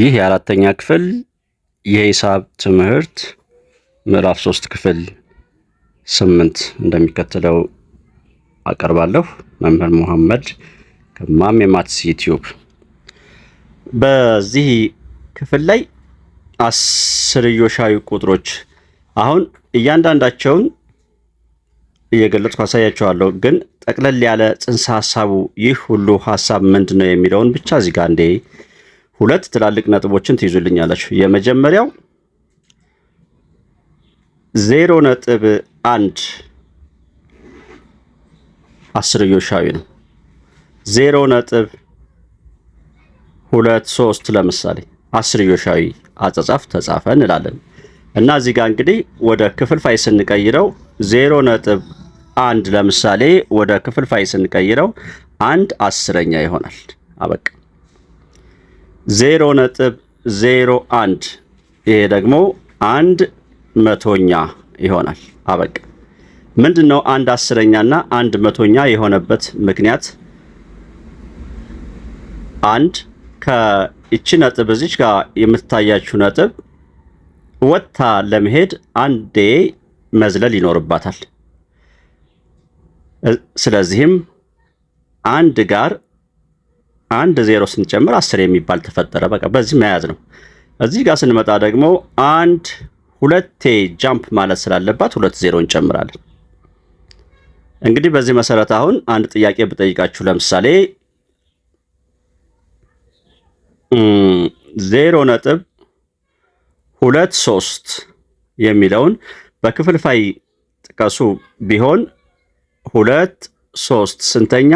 ይህ የአራተኛ ክፍል የሂሳብ ትምህርት ምዕራፍ ሶስት ክፍል ስምንት እንደሚከተለው አቀርባለሁ። መምህር መሐመድ ከማም የማትስ ዩቲዩብ። በዚህ ክፍል ላይ አስርዮሻዊ ቁጥሮች አሁን እያንዳንዳቸውን እየገለጽኩ አሳያቸዋለሁ። ግን ጠቅለል ያለ ጽንሰ ሀሳቡ ይህ ሁሉ ሀሳብ ምንድን ነው የሚለውን ብቻ እዚህ ጋር እንዴ ሁለት ትላልቅ ነጥቦችን ትይዙልኛላችሁ። የመጀመሪያው ዜሮ ነጥብ አንድ አስርዮሻዊ ነው። ዜሮ ነጥብ ሁለት ሶስት ለምሳሌ አስርዮሻዊ አጻጻፍ ተጻፈ እንላለን እና እዚህ ጋር እንግዲህ ወደ ክፍልፋይ ስንቀይረው ዜሮ ነጥብ አንድ ለምሳሌ ወደ ክፍልፋይ ስንቀይረው አንድ አስረኛ ይሆናል። አበቃ። ዜሮ ነጥብ ዜሮ አንድ ይሄ ደግሞ አንድ መቶኛ ይሆናል። አበቅ ምንድን ነው አንድ አስረኛና አንድ መቶኛ የሆነበት ምክንያት? አንድ ከእቺ ነጥብ እዚች ጋር የምትታያችሁ ነጥብ ወጥታ ለመሄድ አንዴ መዝለል ይኖርባታል። ስለዚህም አንድ ጋር አንድ ዜሮ ስንጨምር አስር የሚባል ተፈጠረ። በቃ በዚህ መያዝ ነው። እዚህ ጋር ስንመጣ ደግሞ አንድ ሁለቴ ጃምፕ ማለት ስላለባት ሁለት ዜሮ እንጨምራለን። እንግዲህ በዚህ መሰረት አሁን አንድ ጥያቄ ብጠይቃችሁ ለምሳሌ ዜሮ ነጥብ ሁለት ሶስት የሚለውን በክፍልፋይ ጥቀሱ ቢሆን ሁለት ሶስት ስንተኛ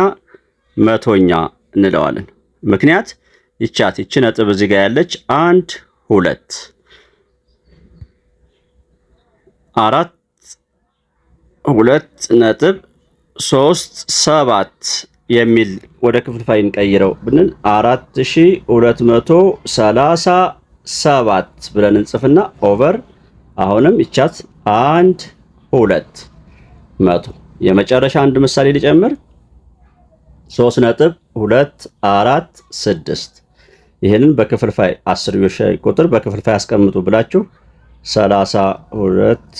መቶኛ እንለዋለን። ምክንያት ይቻት ይቺ ነጥብ እዚህ ጋር ያለች አንድ ሁለት አራት ሁለት ነጥብ ሶስት ሰባት የሚል ወደ ክፍልፋይ እንቀይረው ብንል አራት ሺ ሁለት መቶ ሰላሳ ሰባት ብለን እንጽፍና ኦቨር አሁንም ይቻት አንድ ሁለት መቶ የመጨረሻ አንድ ምሳሌ ሊጨምር ሶስት ነጥብ ሁለት አራት ስድስት ይህንን በክፍልፋይ አስርዮሽ ቁጥር በክፍልፋይ አስቀምጡ ብላችሁ ሰላሳ ሁለት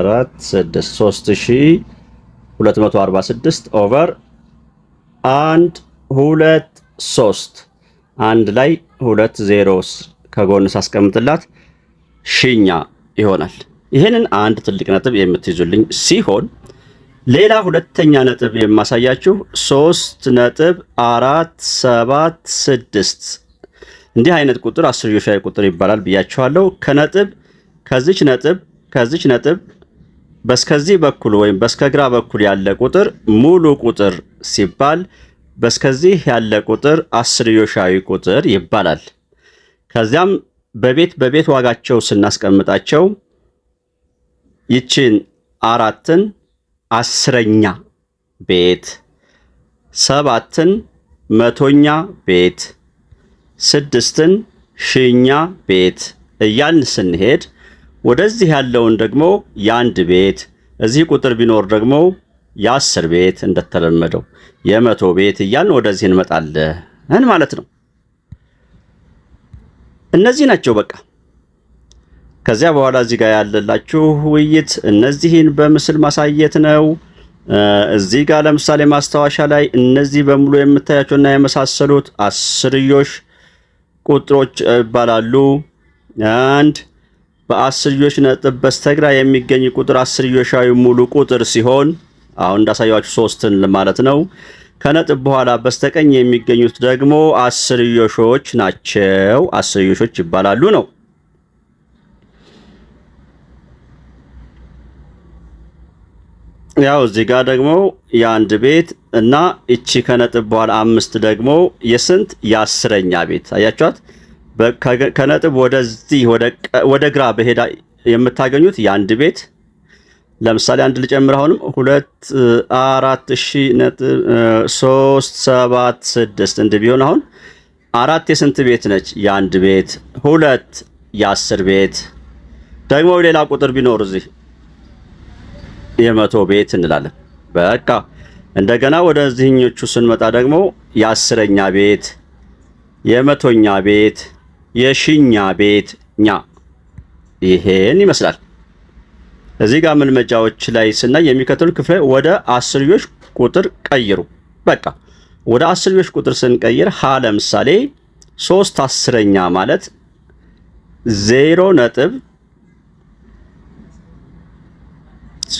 አራት ስድስት ሶስት ሺ ሁለት መቶ አርባ ስድስት ኦቨር አንድ ሁለት ሶስት አንድ ላይ ሁለት ዜሮስ ከጎን ሳስቀምጥላት ሽኛ ይሆናል። ይህንን አንድ ትልቅ ነጥብ የምትይዙልኝ ሲሆን ሌላ ሁለተኛ ነጥብ የማሳያችሁ ሶስት ነጥብ አራት ሰባት ስድስት እንዲህ አይነት ቁጥር አስርዮሽ ቁጥር ይባላል ብያችኋለሁ። ከነጥብ ከዚች ነጥብ ከዚች ነጥብ በስከዚህ በኩል ወይም በስከግራ በኩል ያለ ቁጥር ሙሉ ቁጥር ሲባል በስከዚህ ያለ ቁጥር አስርዮሻዊ ቁጥር ይባላል። ከዚያም በቤት በቤት ዋጋቸው ስናስቀምጣቸው ይችን አራትን አስረኛ ቤት ሰባትን መቶኛ ቤት ስድስትን ሺኛ ቤት እያልን ስንሄድ ወደዚህ ያለውን ደግሞ የአንድ ቤት እዚህ ቁጥር ቢኖር ደግሞ የአስር ቤት እንደተለመደው የመቶ ቤት እያልን ወደዚህ እንመጣለን ማለት ነው። እነዚህ ናቸው በቃ። ከዚያ በኋላ እዚህ ጋር ያለላችሁ ውይይት እነዚህን በምስል ማሳየት ነው። እዚህ ጋር ለምሳሌ ማስታወሻ ላይ እነዚህ በሙሉ የምታያቸውና የመሳሰሉት አስርዮሽ ቁጥሮች ይባላሉ። አንድ በአስርዮሽ ነጥብ በስተግራ የሚገኝ ቁጥር አስርዮሻዊ ሙሉ ቁጥር ሲሆን አሁን እንዳሳያችሁ ሶስትን ማለት ነው። ከነጥብ በኋላ በስተቀኝ የሚገኙት ደግሞ አስርዮሾች ናቸው። አስርዮሾች ይባላሉ ነው ያው እዚህ ጋር ደግሞ የአንድ ቤት እና እቺ ከነጥብ በኋላ አምስት ደግሞ የስንት የአስረኛ ቤት አያችኋት። ከነጥብ ወደዚህ ወደ ግራ በሄዳ የምታገኙት የአንድ ቤት ለምሳሌ አንድ ልጨምር። አሁንም ሁለት አራት ሺ ነጥብ ሶስት ሰባት ስድስት እንድ ቢሆን አሁን አራት የስንት ቤት ነች? የአንድ ቤት ሁለት የአስር ቤት ደግሞ ሌላ ቁጥር ቢኖር እዚህ የመቶ ቤት እንላለን። በቃ እንደገና ወደዚህኞቹ ስንመጣ ደግሞ የአስረኛ ቤት፣ የመቶኛ ቤት፣ የሺኛ ቤት ኛ ይሄን ይመስላል። እዚህ ጋር መልመጃዎች ላይ ስናይ የሚከተሉ ክፍለ ወደ አስርዮሽ ቁጥር ቀይሩ። በቃ ወደ አስርዮሽ ቁጥር ስንቀይር ሀ ለምሳሌ ሶስት አስረኛ ማለት ዜሮ ነጥብ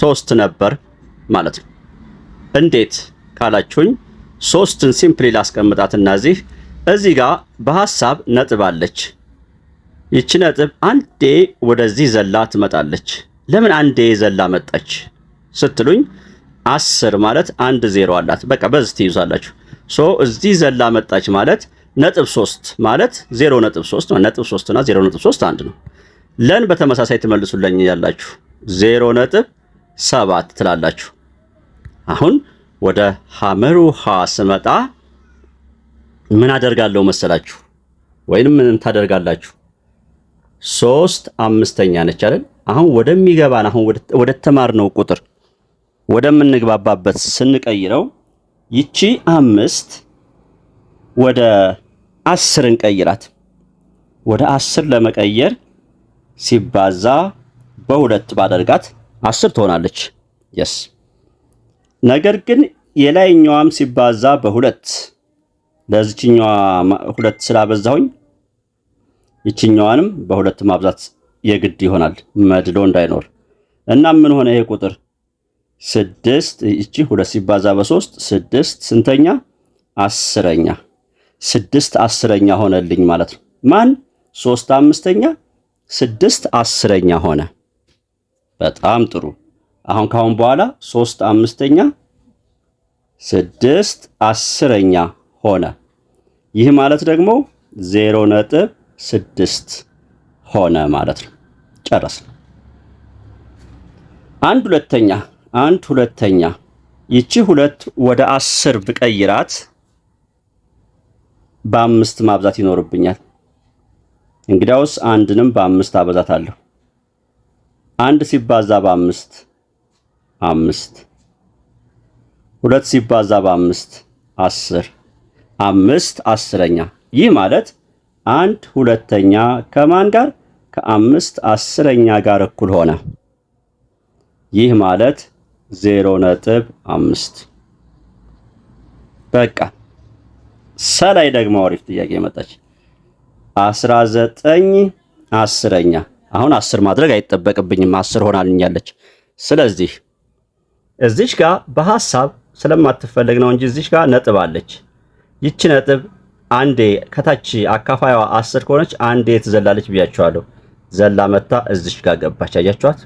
ሶስት ነበር ማለት ነው። እንዴት ካላችሁኝ ሶስትን ሲምፕሊ ላስቀምጣትና እዚህ እዚህ ጋር በሐሳብ ነጥብ አለች። ይቺ ነጥብ አንዴ ወደዚህ ዘላ ትመጣለች። ለምን አንዴ ዘላ መጣች ስትሉኝ አስር ማለት አንድ ዜሮ አላት። በቃ በዚህ ትይዛላችሁ። ሶ እዚህ ዘላ መጣች ማለት ነጥብ 3 ማለት 0.3 ነጥብ 3 እና 0.3 አንድ ነው። ለን በተመሳሳይ ትመልሱልኝ ያላችሁ 0 ነጥብ ሰባት ትላላችሁ። አሁን ወደ ሐመሩ ሃ ስመጣ ምን አደርጋለሁ መሰላችሁ? ወይንም ምን ታደርጋላችሁ? ሶስት አምስተኛ ነች አይደል? አሁን ወደሚገባን አሁን ወደ ተማርነው ቁጥር ወደምንግባባበት ስንቀይረው ይቺ አምስት ወደ አስር እንቀይራት። ወደ አስር ለመቀየር ሲባዛ በሁለት ባደርጋት አስር ትሆናለች። የስ ነገር ግን የላይኛዋም ሲባዛ በሁለት ለዚችኛዋ ሁለት ስላበዛሁኝ ይችኛዋንም በሁለት ማብዛት የግድ ይሆናል፣ መድሎ እንዳይኖር እና ምን ሆነ ይሄ ቁጥር ስድስት ይቺ ሁለት ሲባዛ በሶስት ስድስት ስንተኛ አስረኛ ስድስት አስረኛ ሆነልኝ ማለት ነው። ማን ሶስት አምስተኛ ስድስት አስረኛ ሆነ። በጣም ጥሩ። አሁን ካሁን በኋላ ሶስት አምስተኛ፣ ስድስት አስረኛ ሆነ። ይህ ማለት ደግሞ ዜሮ ነጥብ ስድስት ሆነ ማለት ነው። ጨረስን። አንድ ሁለተኛ አንድ ሁለተኛ ይቺ ሁለት ወደ አስር ብቀይራት በአምስት ማብዛት ይኖርብኛል። እንግዲያውስ አንድንም በአምስት አበዛታለሁ። አንድ ሲባዛ በአምስት አምስት ሁለት ሲባዛ በአምስት አስር አምስት አስረኛ። ይህ ማለት አንድ ሁለተኛ ከማን ጋር ከአምስት አስረኛ ጋር እኩል ሆነ። ይህ ማለት ዜሮ ነጥብ አምስት በቃ። ሰላይ ደግሞ አሪፍ ጥያቄ መጣች። አስራ ዘጠኝ አስረኛ አሁን አስር ማድረግ አይጠበቅብኝም፣ አስር ሆናልኛለች። ስለዚህ እዚሽ ጋር በሐሳብ ስለማትፈለግ ነው እንጂ እዚሽ ጋር ነጥብ አለች። ይቺ ነጥብ አንዴ ከታች አካፋይዋ አስር ከሆነች አንዴ ትዘላለች ብያችኋለሁ። ዘላ መታ እዚሽ ጋር ገባች። አያችኋት?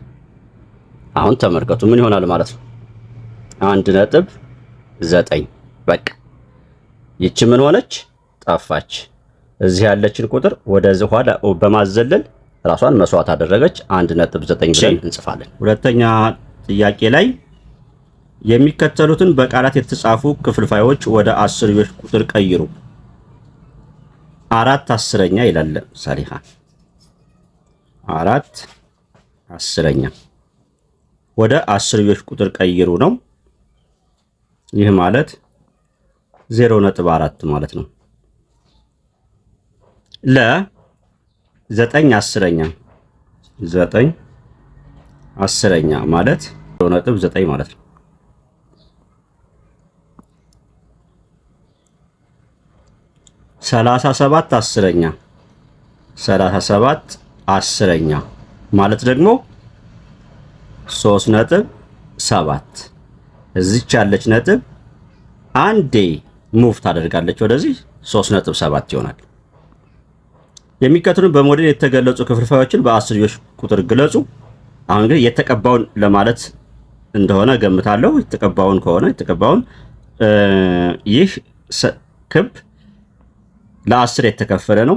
አሁን ተመልከቱ ምን ይሆናል ማለት ነው። አንድ ነጥብ ዘጠኝ በቃ ይቺ ምን ሆነች? ጠፋች። እዚህ ያለችን ቁጥር ወደዚህ ኋላ በማዘለል ራሷን መስዋዕት አደረገች። አንድ ነጥብ ዘጠኝ ብለን እንጽፋለን። ሁለተኛ ጥያቄ ላይ የሚከተሉትን በቃላት የተጻፉ ክፍልፋዮች ወደ አስርዮሽ ቁጥር ቀይሩ። አራት አስረኛ ይላል። ሰሊሃ አራት አስረኛ ወደ አስርዮሽ ቁጥር ቀይሩ ነው። ይህ ማለት ዜሮ ነጥብ አራት ማለት ነው ለ ዘጠኝ አስረኛ ዘጠኝ አስረኛ ማለት ነጥብ ዘጠኝ ማለት ነው። ሰላሳ ሰባት አስረኛ ሰላሳ ሰባት አስረኛ ማለት ደግሞ ሶስት ነጥብ ሰባት እዚች ያለች ነጥብ አንዴ ሙቭ ታደርጋለች ወደዚህ ሶስት ነጥብ ሰባት ይሆናል። የሚከተሉን በሞዴል የተገለጹ ክፍልፋዮችን በአስርዮሽ ቁጥር ግለጹ። አሁን እንግዲህ የተቀባውን ለማለት እንደሆነ ገምታለሁ። የተቀባውን ከሆነ የተቀባውን ይህ ክብ ለአስር የተከፈለ ነው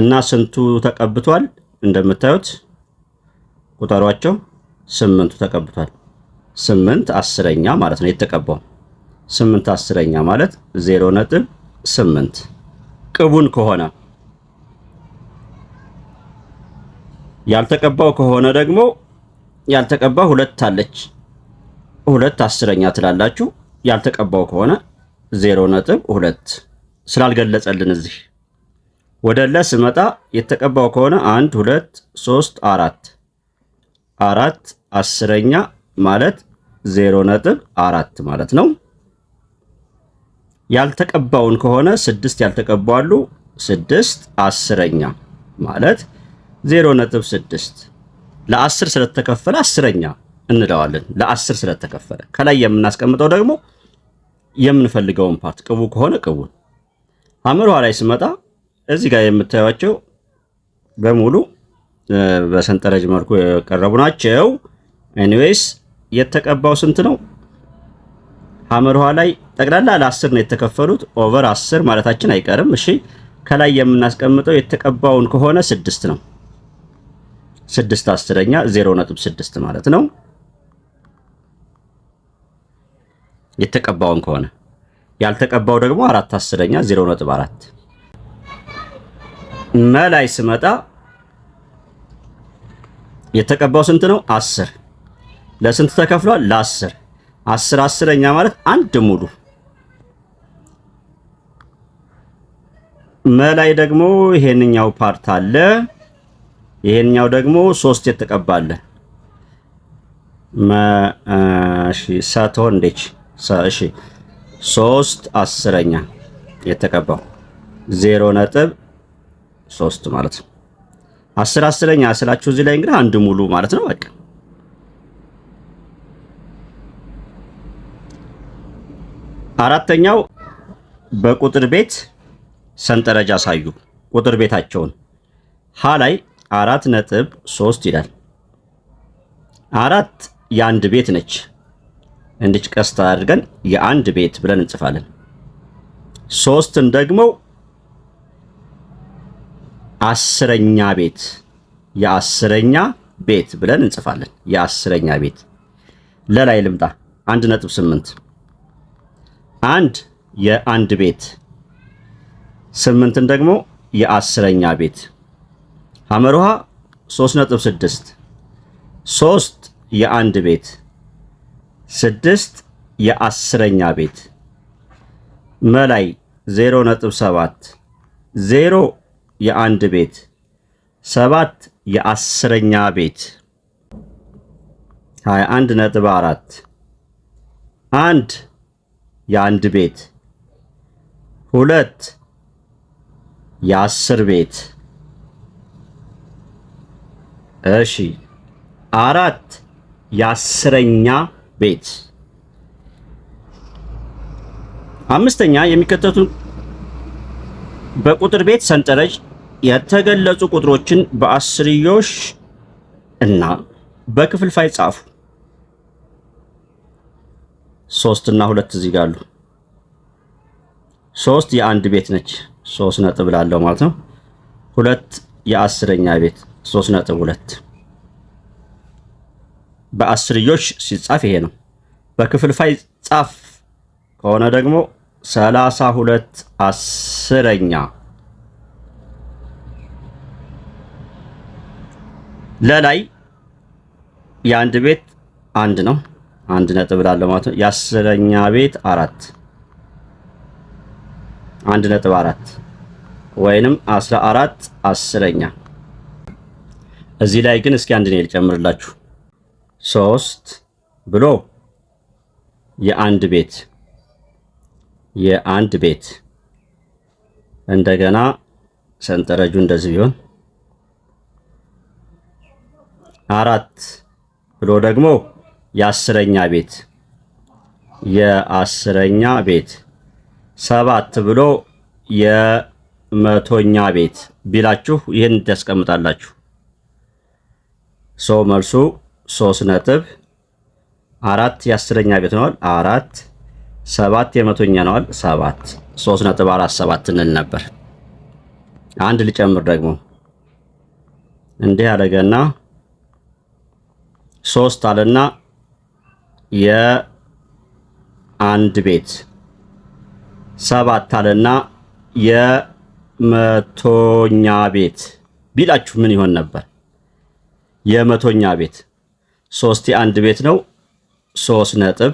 እና ስንቱ ተቀብቷል? እንደምታዩት ቁጠሯቸው። ስምንቱ ተቀብቷል። ስምንት አስረኛ ማለት ነው። የተቀባው ስምንት አስረኛ ማለት ዜሮ ነጥብ ስምንት ቅቡን ከሆነ ያልተቀባው ከሆነ ደግሞ ያልተቀባ ሁለት አለች ሁለት አስረኛ ትላላችሁ። ያልተቀባው ከሆነ ዜሮ ነጥብ ሁለት ስላልገለጸልን እዚህ ወደ ለ ስመጣ የተቀባው ከሆነ አንድ ሁለት ሶስት አራት አራት አስረኛ ማለት ዜሮ ነጥብ አራት ማለት ነው። ያልተቀባውን ከሆነ ስድስት ያልተቀባሉ ስድስት አስረኛ ማለት 0.6 ለ10 ስለተከፈለ አስረኛ እንለዋለን። ለ10 ስለተከፈለ ከላይ የምናስቀምጠው ደግሞ የምንፈልገውን ፓርት ቅቡ ከሆነ ቅቡን አምሯ ላይ ስመጣ እዚህ ጋር የምታዩቸው በሙሉ በሰንጠረዥ መልኩ የቀረቡ ናቸው። ኤኒዌይስ የተቀባው ስንት ነው? ሀመር ውሃ ላይ ጠቅላላ ለአስር ነው የተከፈሉት። ኦቨር አስር ማለታችን አይቀርም። እሺ ከላይ የምናስቀምጠው የተቀባውን ከሆነ ስድስት ነው። ስድስት አስረኛ ዜሮ ነጥብ ስድስት ማለት ነው። የተቀባውን ከሆነ ያልተቀባው ደግሞ አራት አስረኛ ዜሮ ነጥብ አራት መላይ ስመጣ የተቀባው ስንት ነው? አስር ለስንት ተከፍሏል? ለአስር አስር አስረኛ ማለት አንድ ሙሉ መላይ ደግሞ ይሄንኛው ፓርት አለ ይሄኛው ደግሞ ሶስት የተቀባለ እሺ ሳትሆን እንዴች እሺ ሶስት አስረኛ የተቀባው ዜሮ ነጥብ ሶስት ማለት ነው። አስር አስረኛ ስላችሁ እዚህ ላይ እንግዲህ አንድ ሙሉ ማለት ነው። በቃ አራተኛው በቁጥር ቤት ሰንጠረጅ አሳዩ ቁጥር ቤታቸውን ሀ ላይ አራት ነጥብ ሶስት ይላል። አራት የአንድ ቤት ነች። እንድች ቀስታ አድርገን የአንድ ቤት ብለን እንጽፋለን። ሶስትን ደግሞ አስረኛ ቤት የአስረኛ ቤት ብለን እንጽፋለን። የአስረኛ ቤት ለላይ ልምጣ። አንድ ነጥብ ስምንት አንድ የአንድ ቤት ስምንትን ደግሞ የአስረኛ ቤት አመርሃ 3.6 3 የአንድ ቤት 6 የአስረኛ ቤት መላይ 0.7 0 የአንድ ቤት 7 የአስረኛ ቤት 21.4 1 የአንድ ቤት 2 የአስር ቤት እሺ አራት የአስረኛ ቤት አምስተኛ የሚከተቱ በቁጥር ቤት ሰንጠረዥ የተገለጹ ቁጥሮችን በአስርዮሽ እና በክፍልፋይ ጻፉ። ሶስት እና ሁለት እዚህ ጋር አሉ። ሶስት የአንድ ቤት ነች። ሶስት ነጥብ ላለው ማለት ነው። ሁለት የአስረኛ ቤት ሶስት ነጥብ ሁለት በአስርዮሽ ሲጻፍ ይሄ ነው። በክፍልፋይ ጻፍ ከሆነ ደግሞ ሰላሳ ሁለት አስረኛ ለላይ የአንድ ቤት አንድ ነው። አንድ ነጥብ ማለት ነው። የአስረኛ ቤት አራት አንድ ነጥብ አራት ወይንም አስራ አራት አስረኛ እዚህ ላይ ግን እስኪ አንድ ነው ልጨምርላችሁ። ሶስት ብሎ የአንድ ቤት የአንድ ቤት እንደገና ሰንጠረጁ እንደዚህ ቢሆን አራት ብሎ ደግሞ የአስረኛ ቤት የአስረኛ ቤት ሰባት ብሎ የመቶኛ ቤት ቢላችሁ ይህን ታስቀምጣላችሁ። ሰው መልሱ ሶስት ነጥብ አራት የአስረኛ ቤት ነዋል አራት ሰባት የመቶኛ ነዋል ሰባት ሶስት ነጥብ አራት ሰባት እንል ነበር። አንድ ሊጨምር ደግሞ እንዲህ ያደረገና ሶስት አለና የአንድ ቤት ሰባት አለና የመቶኛ ቤት ቢላችሁ ምን ይሆን ነበር? የመቶኛ ቤት ሶስት የአንድ ቤት ነው። ሶስት ነጥብ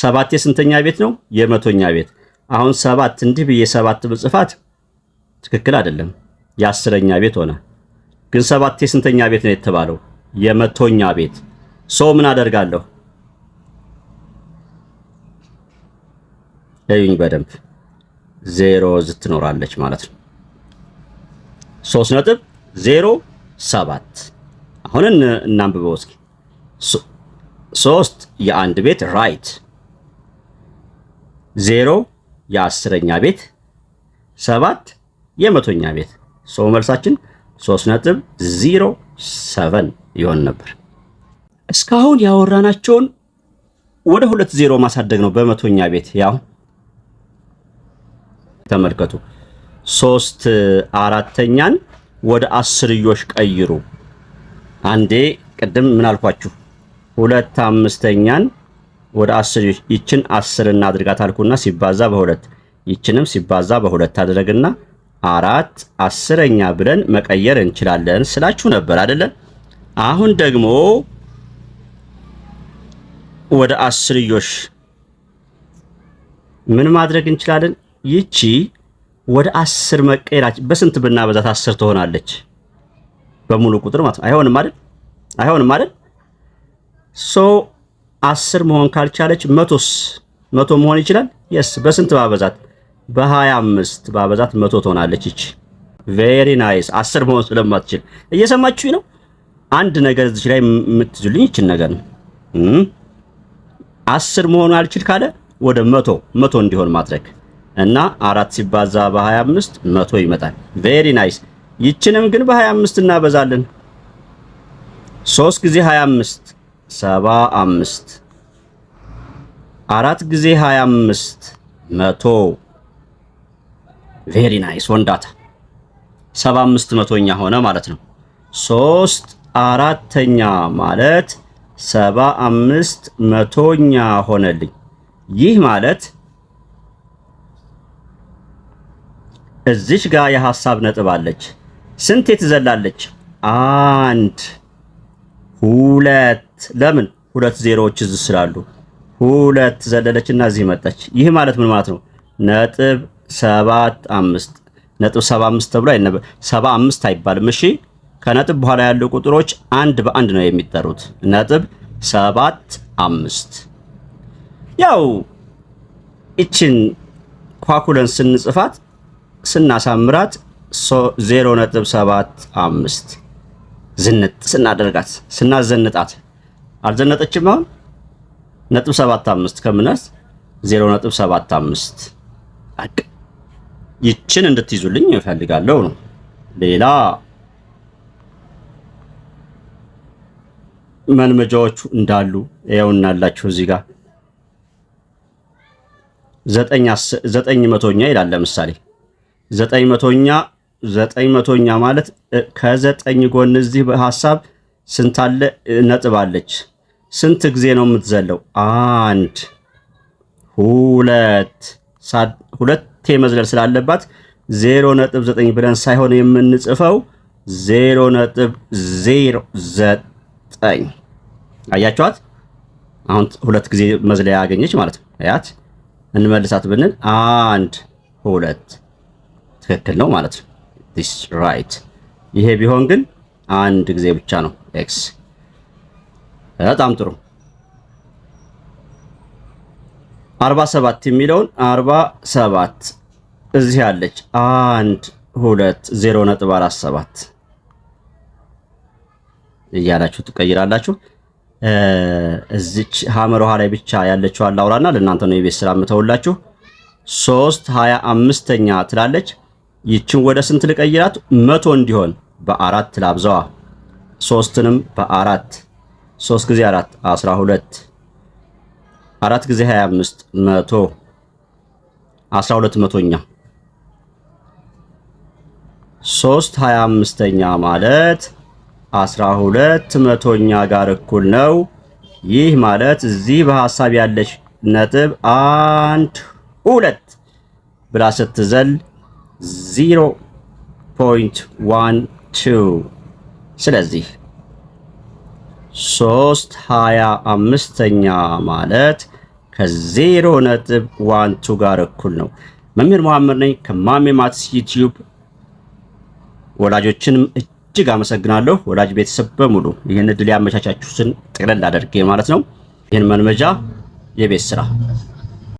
ሰባት የስንተኛ ቤት ነው? የመቶኛ ቤት። አሁን ሰባት እንዲህ ብዬ ሰባት ብጽፋት ትክክል አይደለም፣ የአስረኛ ቤት ሆነ። ግን ሰባት የስንተኛ ቤት ነው የተባለው? የመቶኛ ቤት። ሰው ምን አደርጋለሁ? እዩኝ በደንብ ዜሮ ዝትኖራለች ማለት ነው። ሶስት ነጥብ ዜሮ ሰባት አሁን እናንብበው እስኪ። ሶስት የአንድ ቤት ራይት፣ ዜሮ የአስረኛ ቤት፣ ሰባት የመቶኛ ቤት። ሰው መልሳችን ሶስት ነጥብ ዜሮ ሰቨን ይሆን ነበር። እስካሁን ያወራናቸውን ወደ ሁለት ዜሮ ማሳደግ ነው በመቶኛ ቤት። ያው ተመልከቱ ሶስት አራተኛን ወደ አስርዮሽ ቀይሩ። አንዴ ቅድም ምን አልኳችሁ? ሁለት አምስተኛን ወደ አስር ይችን አስር እናድርጋት አልኩና ሲባዛ በሁለት ይችንም ሲባዛ በሁለት አድረግና አራት አስረኛ ብለን መቀየር እንችላለን ስላችሁ ነበር አይደለን? አሁን ደግሞ ወደ አስርዮሽ ምን ማድረግ እንችላለን? ይቺ ወደ አስር መቀየራች በስንት ብናበዛት አስር ትሆናለች? በሙሉ ቁጥር ማለት ነው። አይሆንም አይደል? አይሆንም አይደል? ሶ አስር መሆን ካልቻለች መቶስ መቶ መሆን ይችላል? የስ በስንት ባበዛት? በ25 ባበዛት መቶ ትሆናለች። ይቺ ቬሪ ናይስ። አስር መሆን ስለማትችል እየሰማችሁ ነው። አንድ ነገር እዚህ ላይ የምትዙልኝ ይችን ነገር ነው። አስር መሆን አልችል ካለ ወደ መቶ መቶ እንዲሆን ማድረግ እና አራት ሲባዛ በ25 መቶ ይመጣል። ቬሪ ናይስ። ይችንም ግን በ25 እናበዛለን። 3 ጊዜ 25 75፣ አራት ጊዜ 25 መቶ። ቬሪ ናይስ ወንዳታ 75 መቶኛ ሆነ ማለት ነው። 3 አራተኛ ማለት 75 መቶኛ ሆነልኝ። ይህ ማለት እዚሽ ጋር የሐሳብ ነጥብ አለች። ስንት ትዘላለች? አንድ ሁለት። ለምን ሁለት ዜሮዎች እዚህ ስላሉ ሁለት ዘለለች እና እዚህ መጣች። ይህ ማለት ምን ማለት ነው? ነጥብ ሰባት አምስት ነጥብ ሰባ አምስት ተብሎ አይነበ ሰባ አምስት አይባልም። እሺ ከነጥብ በኋላ ያሉ ቁጥሮች አንድ በአንድ ነው የሚጠሩት። ነጥብ ሰባት አምስት ያው ይችን ኳኩለን ስንጽፋት ስናሳምራት 0.75 ዝንጥ ስናደርጋት ስናዘንጣት አልዘነጠችም። አሁን ነጥብ 75 ከምናስ 0.75 ይችን እንድትይዙልኝ እፈልጋለሁ ነው። ሌላ መልመጃዎቹ እንዳሉ ይኸውና አላችሁ እዚህ ጋር ዘጠኝ መቶኛ ይላል። ለምሳሌ ዘጠኝ መቶኛ ዘጠኝ መቶኛ ማለት ከዘጠኝ ጎን እዚህ በሀሳብ ስንት አለ? ነጥብ አለች። ስንት ጊዜ ነው የምትዘለው? አንድ ሁለት ሁለቴ መዝለል ስላለባት ዜሮ ነጥብ ዘጠኝ ብለን ሳይሆን የምንጽፈው ዜሮ ነጥብ ዜሮ ዘጠኝ አያችኋት። አሁን ሁለት ጊዜ መዝለያ ያገኘች ማለት ነው። አያት እንመልሳት ብንል አንድ ሁለት ትክክል ነው ማለት ነው። ዲስ ራይት። ይሄ ቢሆን ግን አንድ ጊዜ ብቻ ነው ኤክስ። በጣም ጥሩ 47 የሚለውን 47 እዚህ ያለች አንድ ሁለት ዜሮ ነጥብ አራት እያላችሁ ትቀይራላችሁ። እዚች ሀመር ውሃ ላይ ብቻ ያለችው አላውራና ለእናንተ ነው የቤት ስራ የምተውላችሁ። ሶስት ሀያ ትላለች። ይችን ወደ ስንት ልቀይራት? መቶ እንዲሆን በአራት ላብዛዋ። ሶስትንም በአራት ሶስት ጊዜ አራት አስራ ሁለት አራት ጊዜ ሀያ አምስት መቶ አስራ ሁለት መቶኛ ሶስት ሀያ አምስተኛ ማለት አስራ ሁለት መቶኛ ጋር እኩል ነው። ይህ ማለት እዚህ በሀሳብ ያለች ነጥብ አንድ ሁለት ብላ ስትዘል 0.12 ስለዚህ 3 ሃያ አምስተኛ ማለት ከዜሮ ነጥብ ጋር እኩል ነው። መምህር መሐመድ ነኝ ከማሜ ማትስ ዩቲዩብ። ወላጆችንም እጅግ አመሰግናለሁ። ወላጅ ቤተሰብ በሙሉ ይህን እድል ያመቻቻችሁትን ጠቅለል አድርጌ ማለት ነው ይህን መልመጃ የቤት ስራ